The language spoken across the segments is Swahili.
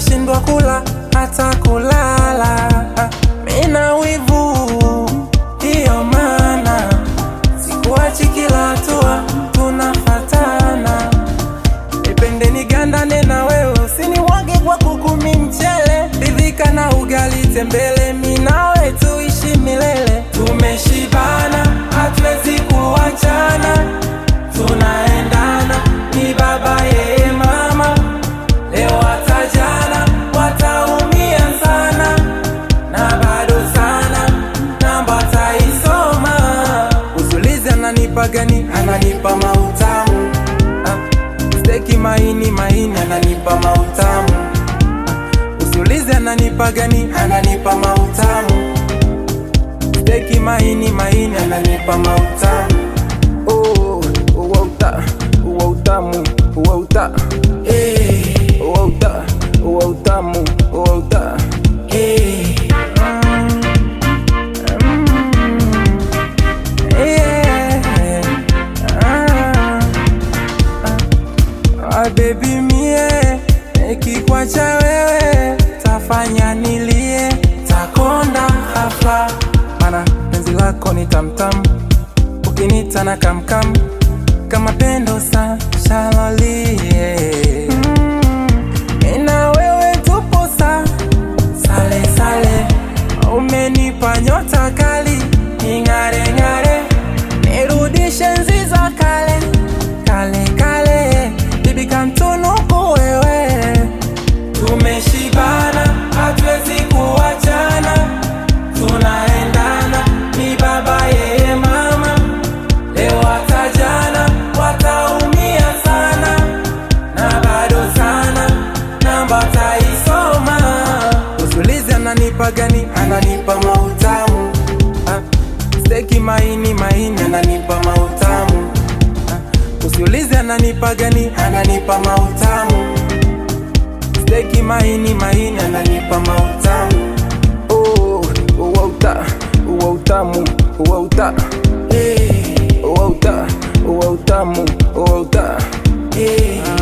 nashindwa kula hata kulala, mina wivu, hiyo mana sikuachi, kila hatua tunafatana, ni ganda nena wewe, usiniwage kwa kuku, mi mchele, ridhika na ugali tembele gani ananipa mautamu ah, steki maini maini ananipa mautamu ah, usiulize ananipa gani ananipa mautamu steki maini maini ananipa mautamu uwauta oh, oh, uwa uwauta Baby mie nikikwacha wewe tafanya nilie, takonda hafla, mana penzi lako ni tamtam, ukinitana kamkam kama pendo sa shalolie ina mm. wewe tupo sa sale sale, umenipa nyota kali ing'are ng'are, nirudishe nzi za kale kale ananipa gani? Ananipa mautamu ha? Ah, Steki maini maini, ananipa mautamu ha? Ah, usiulize ananipa gani? Ananipa mautamu Steki maini maini, ananipa mautamu oh, uwauta uwautamu uwauta uwauta eh. uwautamu uwauta yeah.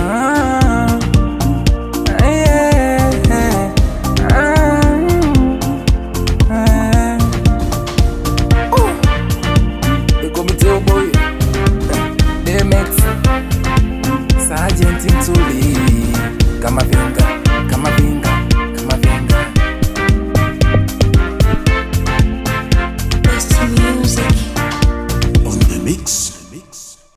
kama vinga kama vinga